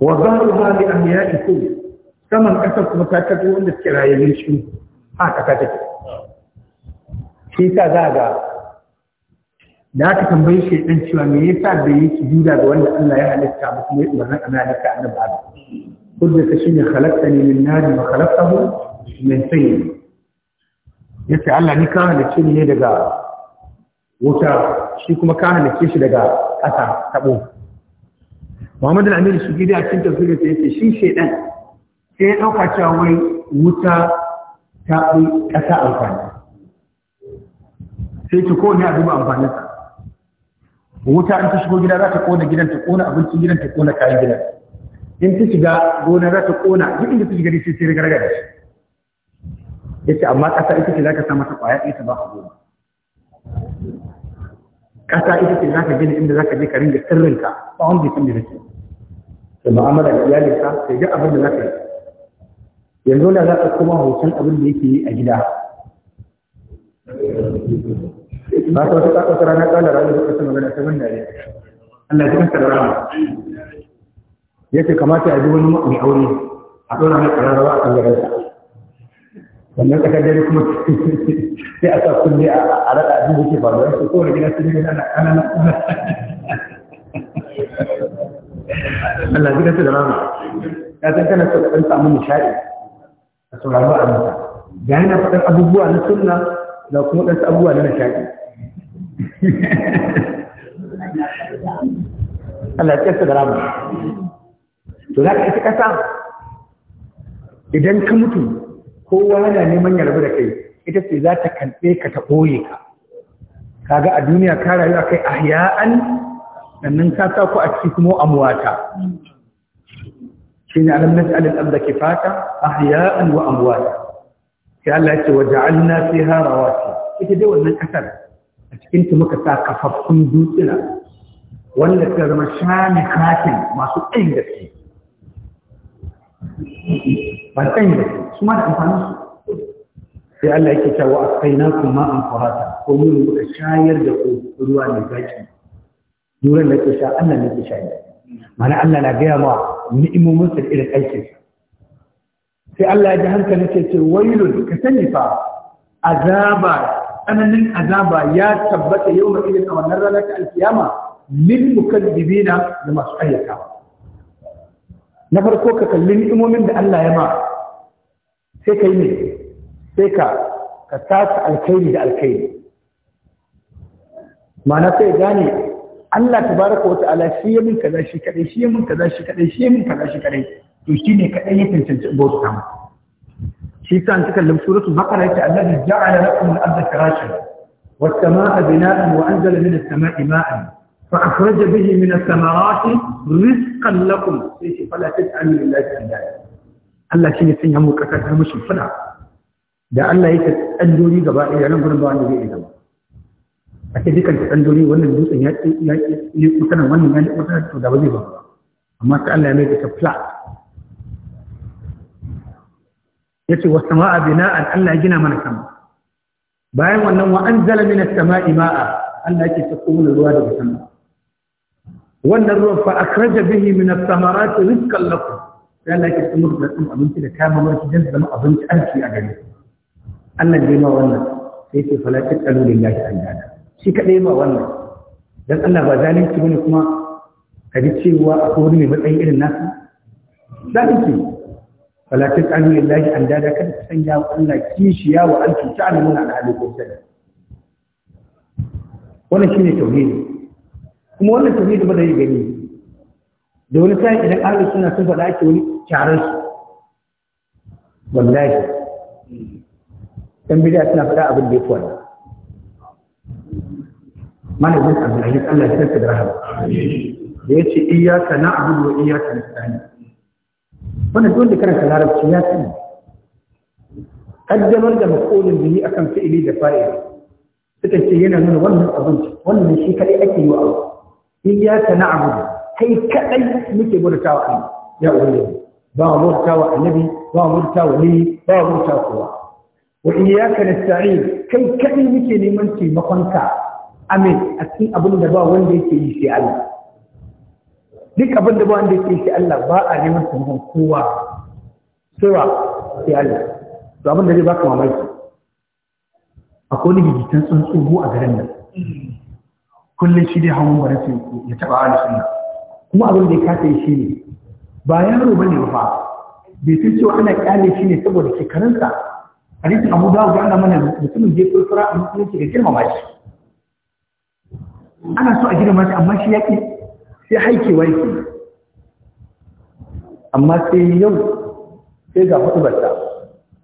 wa zahruha li ahya'ikum saman kasar kuma ta tafi wanda suke rayuwar shi a kasa take shi sa za ga da aka tambayi shi dan cewa me yasa da yake duda ga wanda Allah ya halitta ba kuma yake bazan ana halitta annabi ba kudda ta shine khalaqtani min nar wa khalaqtahu min Ya yace Allah ni ka halicce ni ne daga wuta shi kuma ka halicce shi daga ƙasa tabo Muhammad al-Amir Shugidi a cikin tafsirin sa yake shi shedan sai ya dauka cewa wai wuta ta bi kasa amfani sai ki kowane a duba amfanin sa wuta in ta shigo gida za ta kona gidan ta kona abincin gidan ta kona kayan gidan in ta shiga gona za ta kona duk inda ta shiga sai rigar gargada shi yace amma kasa ita ce za ka sa mata kwaya ita ba ka gona kasa ita ce za ka gina inda ka je ka ringa sirrinka ba wanda ya san da kake da mu'amala da iyalinka sai ga abin da zaka yi yanzu da za ka kuma hoton abin da yake yi a gida ba ta wata kakwa rana kala rana da kasa magana ta banda ne Allah ya kasa rana ya ce kamata a ji wani mai aure a dora mai ba a kan garansa wannan ƙasar dare kuma sai a sa kulle a rada abin da ke faruwa ya ce kowane gida sun yi ana ƙanana Allah zai gasa da rama ya san kana so ka ɗan samu nishaɗi a sauraro a masa ga yana faɗin abubuwa na sunna da kuma ɗan abubuwa na nishaɗi, Allah ya gasa da rama to za ka ita ƙasa idan ka mutu kowa yana neman ya rabu da kai ita ce za ta kalɓe ka ta ɓoye ka kaga a duniya ka rayu a kai ahya'an sannan ka sa ku a ciki kuma amwata shi ne alam nas'al al-ardh kifata ahya'an wa amwata sai Allah ya ce wa ja'alna fiha rawati ita dai wannan kasar a cikin ta muka sa kafaffun dutsuna wanda suka zama shani katin masu tsayin gaske ba tsayin gaske su ma da amfanin su sai Allah yake cewa asqaynakum ma'an furata ko mun muka shayar da ku ruwa mai zaki duran da ke sha Allah ne ke sha ne mana Allah na gaya ma ni'imomin sa irin aikin sai Allah ya ji hankali ce ce wailun ka sani fa azaba tsananin azaba ya tabbata yau mai irin wannan rana ta alkiyama lil mukaddibina da masu ayyuka na farko ka kalli ni'imomin da Allah ya ma sai ka yi ne sai ka ka tasa alkhairi da alkhairi ma'ana sai gane Allah tabaraka wa ta'ala shi ya min kaza shi kadai shi ya min kaza shi kadai shi ya min kaza shi kadai to shine kadai ya tantance bauta mu shi yasa an cikin suratul baqara yace allazi ja'ala lakum al-ardha firashan was-samaa'a binaa'an wa anzala min as-samaa'i maa'an fa akhraja bihi min ath-thamarati rizqan lakum sai fala taj'alu lillahi andada Allah shine sanya mu kasa ta mushi fada da Allah yake tsalloli gaba ɗaya nan gurin ba wanda zai iya zama a ce dukan ta ɗan wannan dutsen ya ce ce ya ƙi mutanen wannan ya ce mutanen to da ba zai ba amma ta Allah ya mai ta flat ya ce wasu ma'a bina'an Allah ya gina mana sama bayan wannan wa an zala mina sama'i ma'a Allah ya ce ta kuma ruwa daga sama wannan ruwan fa akraja bihi min as-samarati rizqan lakum sai Allah ke tsumur da tsum abinci da kayan mamaki don zama abinci arziki a gare Allah ya yi ma wannan sai ce falakin kalu lillahi an dada shi kaɗai ba wannan don Allah ba zalunci wani kuma ka ji cewa a kowane mai matsayin irin nasu? zalunci falatin yin laji an dada kada ta sanya wa Allah kishiya wa an ta a namuna na halin kusa wannan shi ne tauhidi kuma wannan tauhidi ba da yi gani da wani sa'in idan ahlus suna sun faɗa ake wani kyarar su wallahi dan bid'a suna faɗa abin da ya fi wannan من يقول عبد العزيز الله يسلك ذهب ليش إياك نعبد وإياك نستعين من أقول لك أنا كلام سياسي أجل ولد مقول به أكم في إليد فائدة تتشينا من ون أظن ون شيء كلي أكل وأو إياك نعبد هي كأي مثل بركة وعين يا أولي بابورتا والنبي بابورتا ولي بابورتا قوة وإياك نستعين كي كأي مثل لمن في مقنكا amin a cikin abin da ba wanda yake yi shi Allah duk abin da ba wanda yake yi shi Allah ba a neman taimakon kowa cewa sai Allah to abin da zai baka mamaki akwai wani gigitan tsuntsugu a garin nan kullum shi dai hawan gwara sai ya taba wani sunna kuma abin da ya kasa yi shi ne ba yaro bane ba bai san cewa ana kyale shi ne saboda shekarunsa hadisin abu da wajen da mana mutumin je furfura a musulunci da girmama shi ana so a girma shi amma shi yaƙi sai haikewa yake amma sai yau sai ga hudubarsa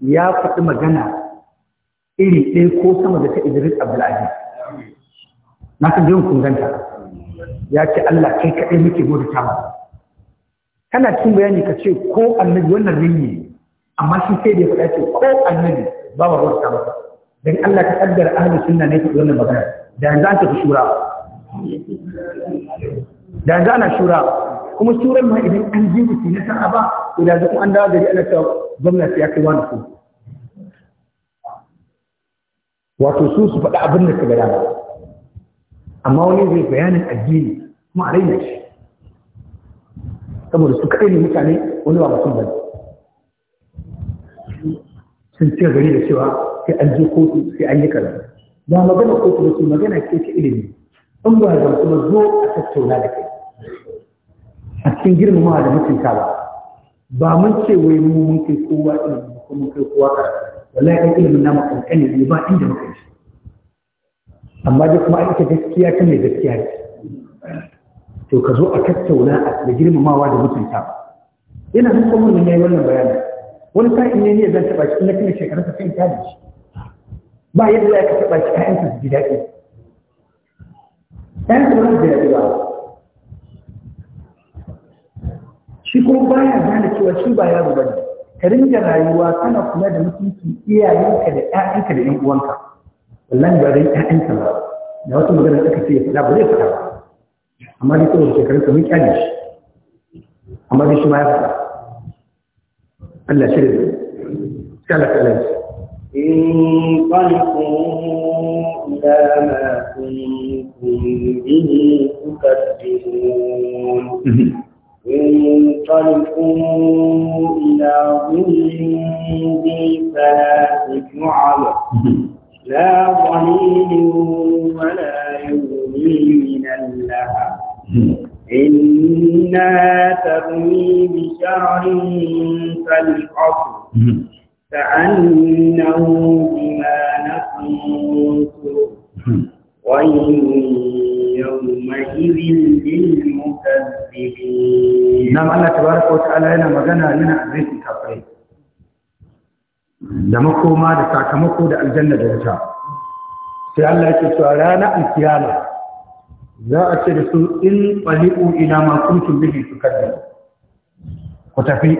ya faɗi magana iri ɗaya ko sama da ta Idris Abdulaziz na san jiran kunganta ya ce Allah kai kaɗai muke bauta ma kana cikin bayani ka ce ko annabi wannan rinyi amma shi sai da ya faɗa ce ko annabi ba wa wata masa dan Allah ka kaddara ahlus sunna ne ta wannan magana da yanzu an tafi shura da yanzu ana shura kuma shuran ma idan an ji biki na sa'a ba ko da kuma an dawo gari ana cewa gwamnati ya kai wani ko wato su su faɗi abin da su gada ba amma wani zai bayanin addini kuma a raina shi saboda su kaɗai ne mutane wani ba mutum bane sun ce gari da cewa sai an je kotu sai an yi kaza ba magana kotu ba su magana ce ta ilimi in ba da kuma zo a tattauna da kai a cikin girmamawa da mutunta ba ba mun ce wai mu mun kai kowa ne ko mun kai kowa ka wallahi kai ilimin namu kankani ne ba inda muka yi amma dai kuma ita gaskiya ta mai gaskiya ne. to ka zo a tattauna da girmamawa da mutunta yana san kuma mun yi wannan bayani wani sa'in ne ne zan taba shi na kuma shekarun sa kai ta da shi ba yadda za ka taba shi kayan su ji daɗi ɗan da wani da yawa shi kuma baya gane cewa shi ba yaro bane ka ringa rayuwa kana kula da mutunci iyayenka da ƴaƴanka da ƴan uwanka wallahi ba dai ƴaƴanka ba da wata magana da aka ce faɗa ba zai faɗa ba amma dai saboda shekarun ka mun kyale shi amma dai shi ma ya faɗa Allah shirya sai Allah ta alaihi انطلقوا إلى ما كنتم به تكذبون انطلقوا إلى ظل ذي ثلاث شعب لا ظليل ولا يغني من اللهب إنها ترمي بشرر كالقصر كأنه بما نقول ويل يومئذ للمكذبين نعم الله تبارك وتعالى هنا مغنى لنا da makoma da sakamako da aljanna da wuta sai Allah yake cewa rana alkiyama za a ce da su in qaliqu ila ma kuntum bihi tukadzibun ku tafi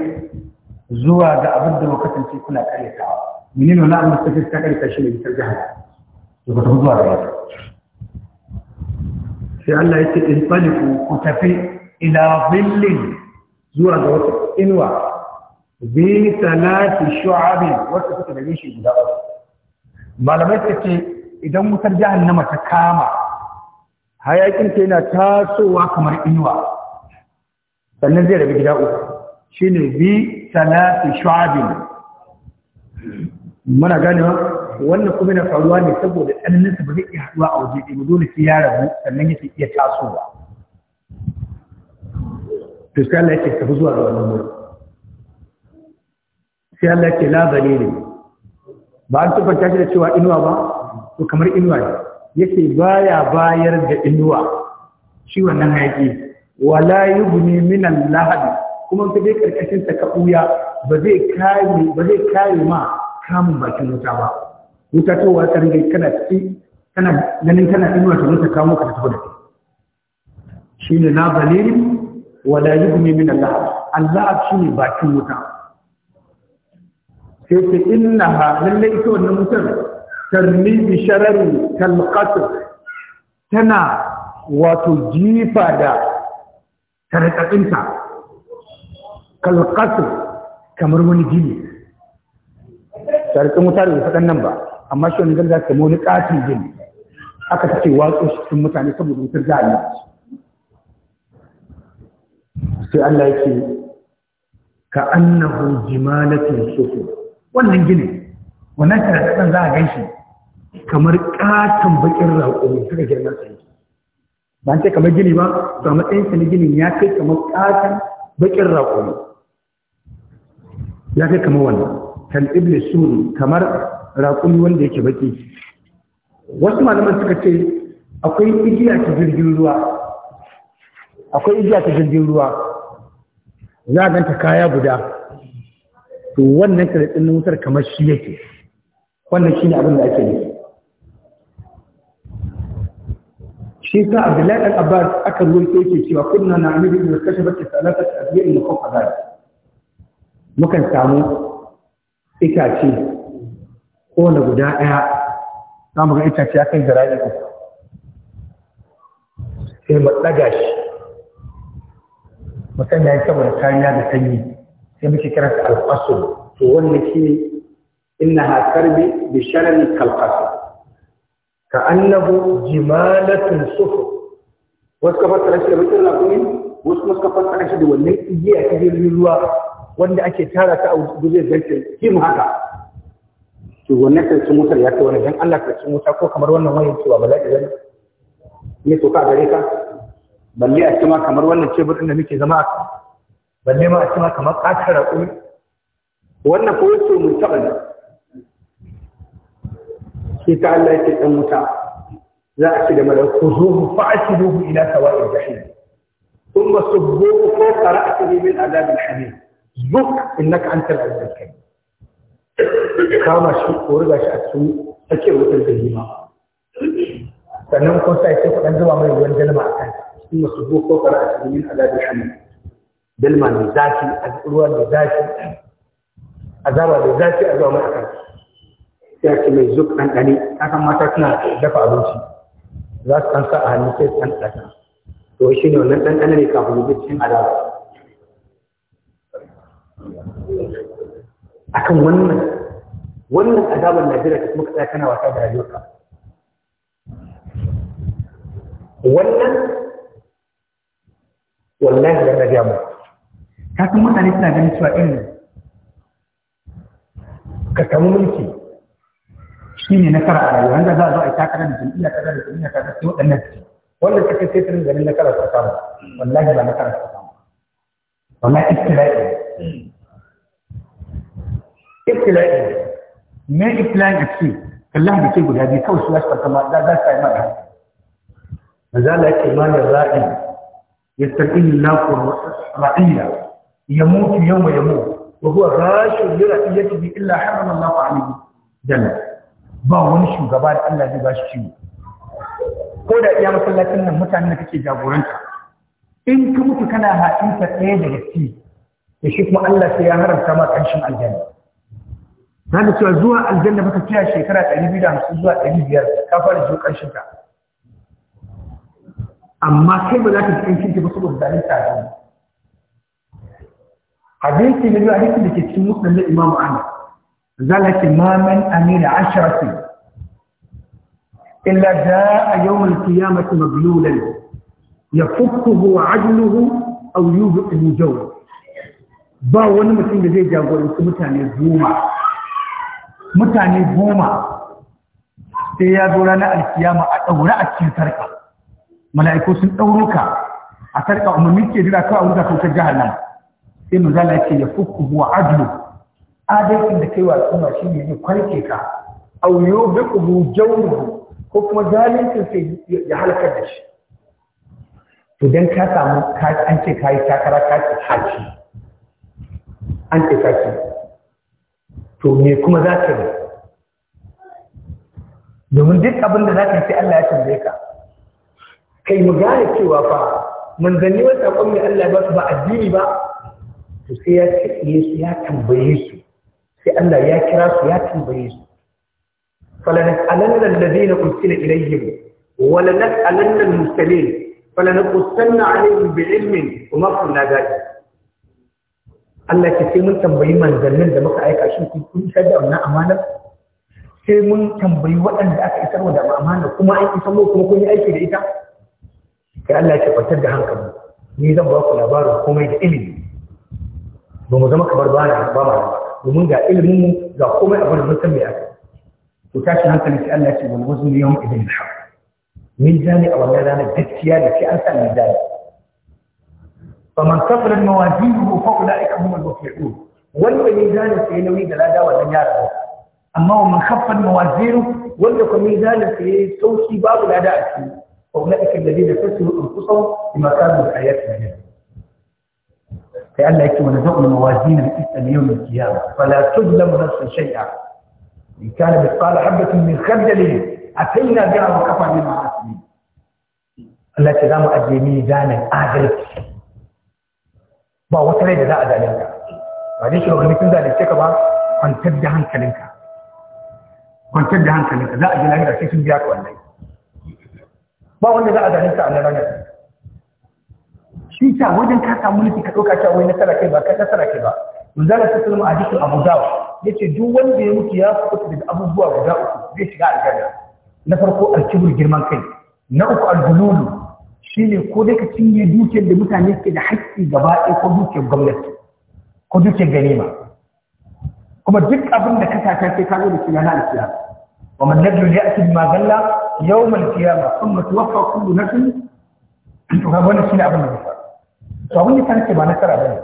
zuwa ga abin da muka kasance kuna karyatawa menene wannan abin da kuka kasance karyata shi ne bitar jahannama da ba ta zuwa ga wata sai Allah ya ce in faliku ku tafi ila billin zuwa ga wata inuwa bi salati shu'abi wata take da gishi guda malamai ta ce idan wutar jihar na ta kama hayakin ta yana tasowa kamar inuwa sannan zai rabi gida uku shine bi salati shu'abin muna gane wannan kuma na faruwa ne saboda tsananin sa ba zai iya haduwa a waje ba dole sai ya rabu sannan yake iya tasowa to sai Allah yake tafi zuwa ga wannan wurin sai Allah yake la zalili ba an tabbata shi da cewa inuwa ba to kamar inuwa ne yake baya bayar da inuwa shi wannan hayaki wala yubni min al-lahadi kuma ka je karkashin ta ka buya ba zai kare ba zai kare ma kamun bakin wuta ba wuta to wa ka ringa kana ci kana ganin kana inuwa ta wuta kamo ka tafi da shi ne na balirin wala yugni min Allah Allah ne bakin wuta sai ce innaha lalle ita wannan wutar tarmi bi sharari kalqatr tana wato jifa da tarƙaƙinta kalqasr kamar wani gini sarkin mutane da faɗan nan ba amma shi wani ganga kamar wani katin gini aka take watsa shi cikin mutane saboda wutar da sai Allah yake ka annahu jimalatin sufu wannan gini wannan karkatan za a gan shi kamar ƙaton bakin raƙo suka girma sai ba ce kamar gini ba to a matsayin sa na gini ya kai kamar ƙaton bakin raƙo ya kai kamar wannan kan iblis suri kamar raƙumi wanda yake baki wasu malaman suka ce akwai igiya ta jirgin ruwa akwai igiya ta jirgin ruwa za a ganta kaya guda to wannan kirɗin wutar kamar shi yake wannan shi ne abin da ake nufi shi sa abdullahi al-abbas aka ruwaito yake cewa kunna na amiru da kashe bakin salatar abiyar da kofa zai mukan samu itace ko na guda ɗaya za mu ga itace akan zira'i uku sai mu ɗaga shi mu sanya ya saboda kariya da sanyi sai muke kira ta alfasul to wannan shi ne inna ha karbi bi sharri kalfasul ka annahu jimalatun sufu wasu kafa fassara shi da bakin rakumi wasu kuma suka fassara shi da wannan igiya ta jirgin ruwa wanda ake tara ta a guje zarce kim haka to wannan karshen wutar ya kai wani dan Allah karshen wuta ko kamar wannan wayan cewa ba za ta zama ne to ka gare ka balle a cima kamar wannan cebur da muke zama a balle ma a cima kamar katara ku wannan ko yace mun taɓa ne shi ta Allah yake dan wuta za a ci da fa malaiku zuhu fa'atiduhu ila sawa'il jahim ثم صبوه فوق رأسه من عذاب الحميم zuk innaka antal azizul karim kama shi ko riga shi a cikin sake wutar da jima sannan kun sai sai kudan zuba mai ruwan dalma a kan in masu zo ko a cikin min azabin hamid dalma mai zafi a ruwa mai zafi azaba mai zafi a zuwa mai a kan sai ce mai zuk ɗanɗane kakan mata suna dafa abinci za su kansa a hannu sai su ɗanɗana to shi ne wannan ɗanɗana ne kafin yi cikin azaba akan wannan wannan azabar Najeriya ta kuma tsaya kana wasa da rayuwarka wannan wallahi da rage mu ka san mutane suna ganin cewa irin ka samu mulki shi ne nasara a rayuwa wanda za a zo a yi takarar da jam'iyya kaza da jam'iyya kaza sai waɗannan wannan ta kai sai ta ganin nasara ta samu wallahi ba nasara ta samu wallahi istila'i ibtila'i me ibtila'i a ciki Allah da ke guda biyu kawai su ya shafa da za su yi mata maza la ce malar ra'i ya sarki lillahi ra'iya ya mutu yau mai mu. wa huwa rashin lira ya ci bi illa harama Allah fa alihi janna ba wani shugaba da Allah zai ba shi ciwo ko da iya masallacin nan mutanen da kake jagoranta in ka mutu kana ta ɗaya daga ciki da shi kuma Allah sai ya haramta ma ƙarshen aljanna Na ka cewa zuwa aljanna baka kiya shekara 250 zuwa 500 ka fara jiyo ƙarshen ka amma kai ba za ka ji ƙarshen ka ba saboda zalunta ta ne hadisi ne zuwa hadisi da ke cikin musulun na imamu ahmad zalaki ma man amina asharati illa jaa yawmal qiyamati mablulan yafukkuhu a aw yubqi jau. ba wani mutum da zai jagoranci mutane goma mutane goma sai ya zo ranar alkiyama a ɗaura a cikin sarƙa mala'iku sun ɗauro ka a sarƙa umarni ke jira kawai a wuta kautar jahannama sai mu zala ce ya fuku huwa adlu adalcin da kai wa al'umma shi ne ya kwarke ka auyo bi kubu jawruhu ko kuma zalincin sai ya halakar da shi to dan ka samu an ce kayi takara ka ce haji an ce ka ce to me kuma za ka yi domin duk abin da za ka yi sai Allah ya tambaye ka kai mu gane cewa fa manzanni wani saƙon mai Allah ba su ba addini ba to sai ya ce su ya tambaye su sai Allah ya kira su ya tambaye su فلنسألن الذين أرسل إليهم ولنسألن المرسلين فلنقصن عليهم بعلم وما كنا ذلك Allah ce sai mun tambayi manzannin da muka aika shi kun kun da wannan amanar sai mun tambayi waɗanda aka isar da amana kuma an isar mu kuma kun yi aiki da ita sai Allah ce kwantar da hankali ni zan ba ku labarin komai da ilimi ba mu zama kamar ba na ba ma domin ga ilimin mu ga komai abin da mun san me aka ku tashi hankali sai Allah ce wal wazn yawm idin min jani a wannan ranar gaskiya da sai an san min jani فمن كفر الموازينه فأولئك هم المفلحون والميزان في نوي دلادا ولن يارده أما من خف الموازينه ولك ميزان في سوشي بعض الأداء فأولئك الذين فسروا أنفسهم بما كانوا الحياة مهمة فقال لك ونزعنا موازينا كثة يوم القيامة فلا تظلم نفسا شيئا إن كان مثقال حبة من خجل أتينا بها وكفى من معاسمين التي لا أجي ميزانا آدرتش ba wata rai da za a zalunta ba dai shugabanni sun zalunce ka ba kwantar da hankalinka kwantar da hankalinka za a ji lahira sai sun biya ka wannan ba wanda za a zalunta a ranar shi ta wajen ka samu nufi ka ɗauka cewa wai nasara kai ba kai nasara kai ba manzala ta sulma a jikin abu dawa ya ce duk wanda ya mutu ya kuɓuta daga abubuwa guda uku zai shiga aljanna na farko alkibir girman kai na uku albululu shine ko dai ka cinye dukiyar da mutane ke da haƙƙi gaba ɗaya ko dukiyar gwamnati ko dukiyar ganima kuma duk abin da ka sata sai ka zo da shi na alkiyama wa man nabiyyu ya ati ma galla yawmal qiyamah thumma tuwaffa kullu nafsin an ga wannan shine abin da ya faru to abin da kan ce ba nasara bane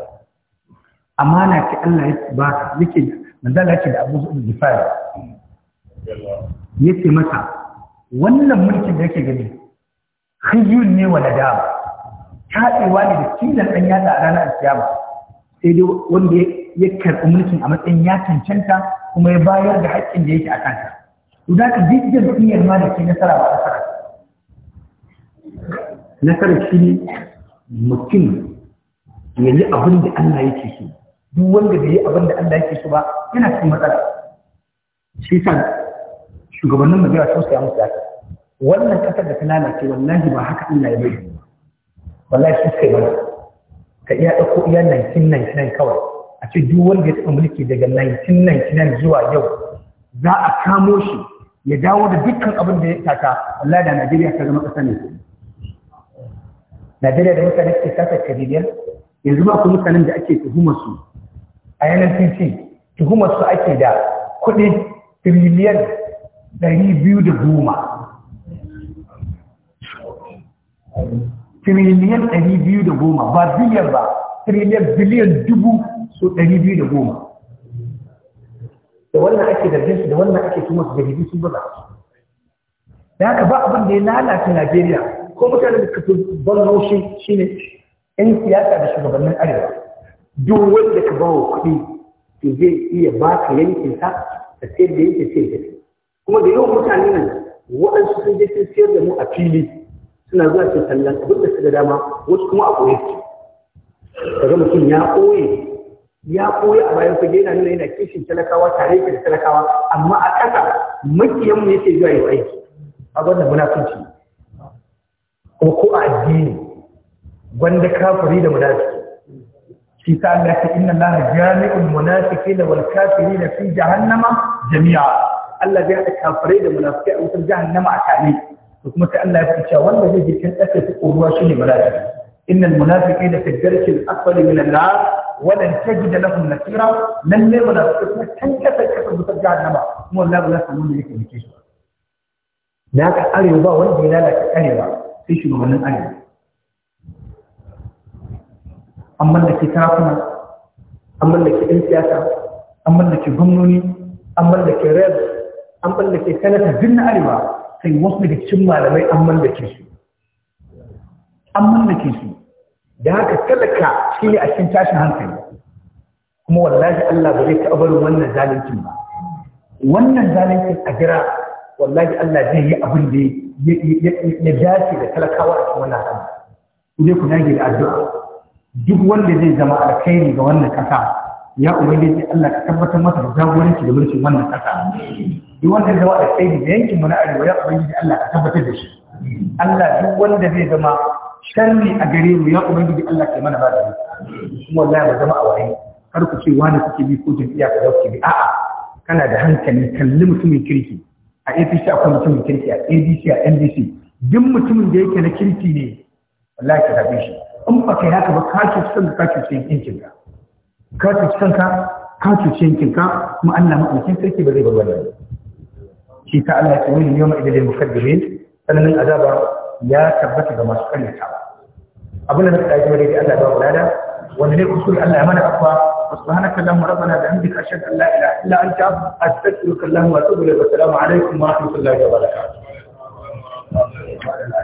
amana ce Allah ya baka yake manzo Allah yake da Abu Zubair Gifari yace mata wannan mulkin da yake gani khizyun ne wa nadama katsewa ne da kilan an yada a ranar kiyama sai dai wanda ya karɓi mulkin a matsayin ya cancanta kuma ya bayar da haƙƙin da yake a kanta to da ka duk jam'iyyar ma da ke nasara ba nasara nasara shi ne mutum ya yi abin da Allah yake so duk wanda bai yi abin da Allah yake so ba yana cikin matsala shi sa shugabannin mu bai tausaya musu yake wannan kasar da ta lalace wallahi ba haka Allah ya bai ba wallahi shi kai mana ka iya ɗauko iya 1999 kawai a ce duk wanda ya taɓa mulki daga 1999 zuwa yau za a kamo shi ya dawo da dukkan abin da ya taka wallahi da Najeriya ta zama ƙasa ne Najeriya da mutane ke sata karibiyar yanzu ba ku mutanen da ake tuhumar su a yanar titi tuhumar su ake da kuɗi tiriliyan ɗari biyu da goma tiriliyan ɗari biyu da goma ba biliyan ba tiriliyan biliyan dubu so ɗari biyu da goma da wannan ake zargin su da wannan ake tuma su jahili sun baza da haka ba abin da ya lalata najeriya ko mutane da kafin ban haushi shine yan siyasa da shugabannin arewa duk wanda ka ba wa kuɗi to zai iya baka yankinsa da sayar da yankin sai kuma da yawan mutane nan waɗansu sun je sun sayar da mu a fili suna zuwa su sallan abin da suka dama wasu kuma a koye daga mutum ya koye ya koya a bayan fage yana nuna yana kishin talakawa tare da talakawa amma a ƙasa makiyanmu yake zuwa yi aiki a wannan munafunci ko ko a addini gwanda kafiri da munafiki shi ta Allah ta inna Allah jami'ul munafiqin wal kafirin fi jahannama jami'a Allah zai haɗa kafirai da munafikai a wutar jahannama a tare da kuma sai Allah ya fi cewa wanda zai je kan ƙasa su ƙoruwa shi ne munafiki innal munafiqina fi darkil asfali min an-nar wa lan tajida lahum nasira nan ne munafiki kuma kan ƙasa ƙasa wutar jahannama kuma wallahi ba za su da yake dake su da haka arewa ba wanda ya lalata arewa sai shugabannin arewa an mallake sarakuna an mallake ɗan siyasa an mallake gwamnoni an mallake rep an mallake sanata duk na arewa sai wasu da cikin malamai an mallake su an mallake su da haka talaka shi ne a cikin tashin hankali kuma wallahi Allah ba zai taɓa barin wannan zaluncin ba wannan zaluncin a jira wallahi Allah zai yi abin da ya dace da talakawa a cikin wannan hali ku dai ku dage da addu'a duk wanda zai zama alkhairi ga wannan kasa ya ubangiji Allah ka tabbatar masa da jagoranci da mulkin wannan kasa duk wanda zama da tsayi da yankin mu na arewa ya kuma ubangiji Allah ka tabbatar da shi Allah duk wanda zai zama sharri a gare mu ya kuma yi ubangiji Allah ke mana bada kuma wallahi ba zama a waye kar ku ce wani kuke bi ko jam'iyya ka dauke bi a'a kana da hankali kalli mutumin kirki a APC akwai mutumin kirki a ADC a NDC duk mutumin da yake na kirki ne wallahi ka zabe shi in ba kai haka ba ka ci san ka ci san yankin ka ka ci san ka ka ci san yankin ka kuma Allah madaukakin sarki ba zai bar wannan shi ta Allah ya wani yau idan mukaddimin sanannin azaba ya tabbata ga masu karyata abin da na tsaya kuma daidai Allah ba mu lada wanda ne kusuri Allah ya mana afwa subhanaka allahumma rabbana da hamdika ashhadu an la ilaha illa anta astaghfiruka allahumma wa atubu ilayk assalamu alaikum wa rahmatullahi wa barakatuh